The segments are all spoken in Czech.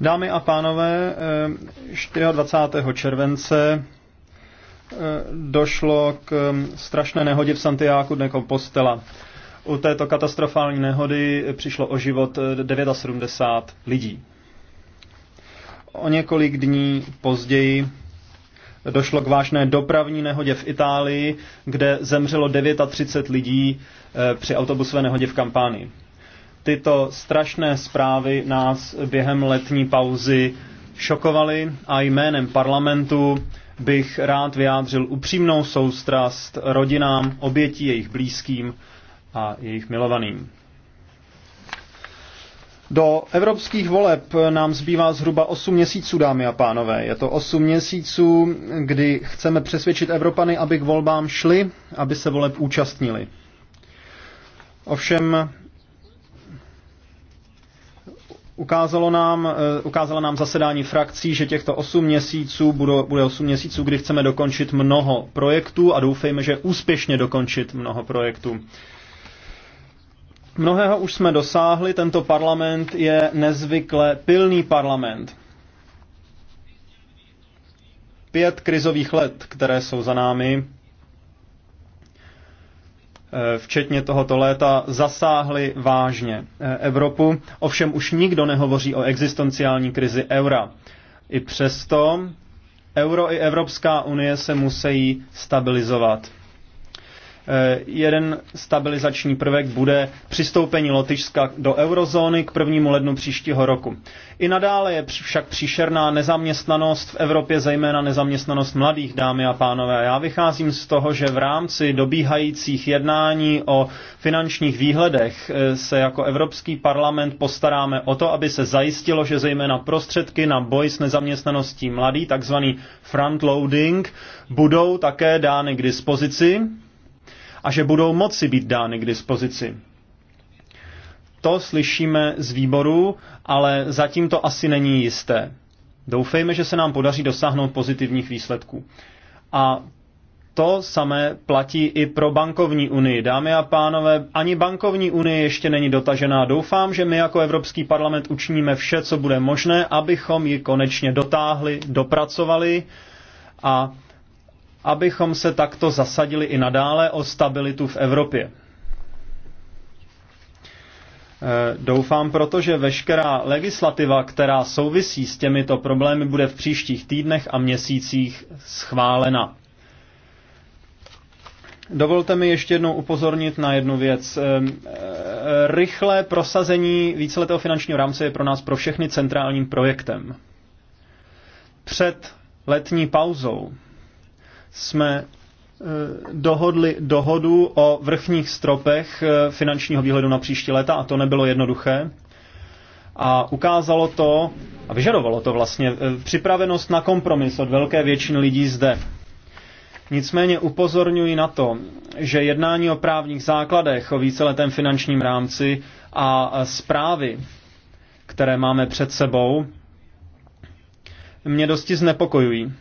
Dámy a pánové, eh, 24. července eh, došlo k eh, strašné nehodě v Santiago de Compostela. U této katastrofální nehody přišlo o život 79 lidí. O několik dní později došlo k vážné dopravní nehodě v Itálii, kde zemřelo 39 lidí při autobusové nehodě v Kampánii. Tyto strašné zprávy nás během letní pauzy šokovaly a jménem parlamentu bych rád vyjádřil upřímnou soustrast rodinám, obětí, jejich blízkým a jejich milovaným. Do evropských voleb nám zbývá zhruba 8 měsíců, dámy a pánové. Je to 8 měsíců, kdy chceme přesvědčit Evropany, aby k volbám šli, aby se voleb účastnili. Ovšem Ukázalo nám, eh, ukázalo nám zasedání frakcí, že těchto 8 měsíců budou, bude 8 měsíců, kdy chceme dokončit mnoho projektů a doufejme, že úspěšně dokončit mnoho projektů. Mnohého už jsme dosáhli, tento parlament je nezvykle pilný parlament. Pět krizových let, které jsou za námi, Eh, včetně tohoto léta, zasáhly vážně eh, Evropu. Ovšem už nikdo nehovoří o existenciální krizi eura. I přesto euro i Evropská unie se musí stabilizovat. Eh, jeden stabilizační prvek bude přistoupení Lotyšska do eurozóny k 1. lednu příštího roku. I nadále je však příšerná nezaměstnanost v Evropě, zejména nezaměstnanost mladých, dámy a pánové. Já vycházím z toho, že v rámci dobíhajících jednání o finančních výhledech eh, se jako Evropský parlament postaráme o to, aby se zajistilo, že zejména prostředky na boj s nezaměstnaností mladých, takzvaný frontloading, budou také dány k dispozici a že budou moci být dány k dispozici. To slyšíme z výboru, ale zatím to asi není jisté. Doufejme, že se nám podaří dosáhnout pozitivních výsledků. A to samé platí i pro bankovní unii. Dámy a pánové, ani bankovní unie ještě není dotažená. Doufám, že my jako Evropský parlament učiníme vše, co bude možné, abychom ji konečně dotáhli, dopracovali a abychom se takto zasadili i nadále o stabilitu v Evropě. E, doufám proto, že veškerá legislativa, která souvisí s těmito problémy, bude v příštích týdnech a měsících schválena. Dovolte mi ještě jednou upozornit na jednu věc. E, e, rychlé prosazení víceletého finančního rámce je pro nás pro všechny centrálním projektem. Před letní pauzou jsme e, dohodli dohodu o vrchních stropech e, finančního výhledu na příští léta a to nebylo jednoduché. A ukázalo to, a vyžadovalo to vlastně, e, připravenost na kompromis od velké většiny lidí zde. Nicméně upozorňuji na to, že jednání o právních základech, o víceletém finančním rámci a zprávy, které máme před sebou, mě dosti znepokojují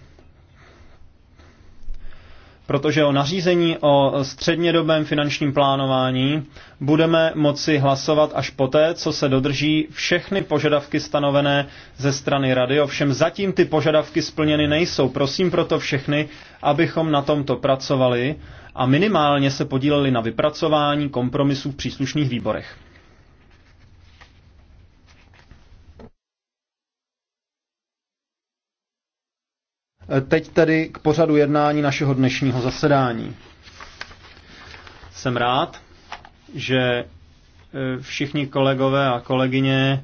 protože o nařízení o střednědobém finančním plánování budeme moci hlasovat až poté, co se dodrží všechny požadavky stanovené ze strany Rady. Ovšem zatím ty požadavky splněny nejsou. Prosím proto všechny, abychom na tomto pracovali a minimálně se podíleli na vypracování kompromisů v příslušných výborech. Teď tedy k pořadu jednání našeho dnešního zasedání. Jsem rád, že e, všichni kolegové a kolegyně,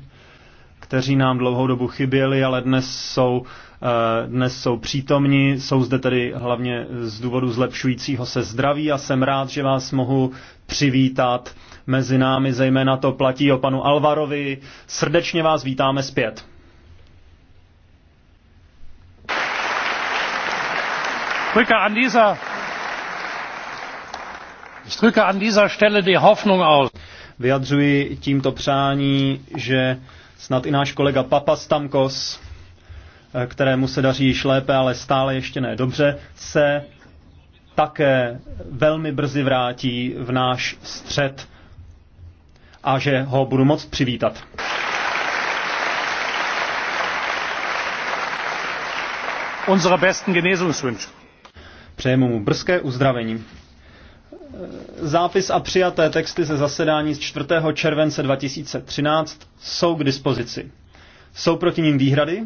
kteří nám dlouhou dobu chyběli, ale dnes jsou, e, dnes jsou přítomni, jsou zde tedy hlavně z důvodu zlepšujícího se zdraví a jsem rád, že vás mohu přivítat mezi námi, zejména to platí o panu Alvarovi. Srdečně vás vítáme zpět. ich drücke an dieser stelle die hoffnung aus. vyjadřuji tímto přání že snad i náš kolega papastamkos eh, kterému se daří již lépe ale stále ještě ne dobře se také velmi brzy vrátí v náš střed a že ho budu moct přivítat. unsere besten genesungswünsche. Přejeme mu brzké uzdravení. Zápis a přijaté texty ze zasedání z 4. července 2013 jsou k dispozici. Jsou proti ním výhrady?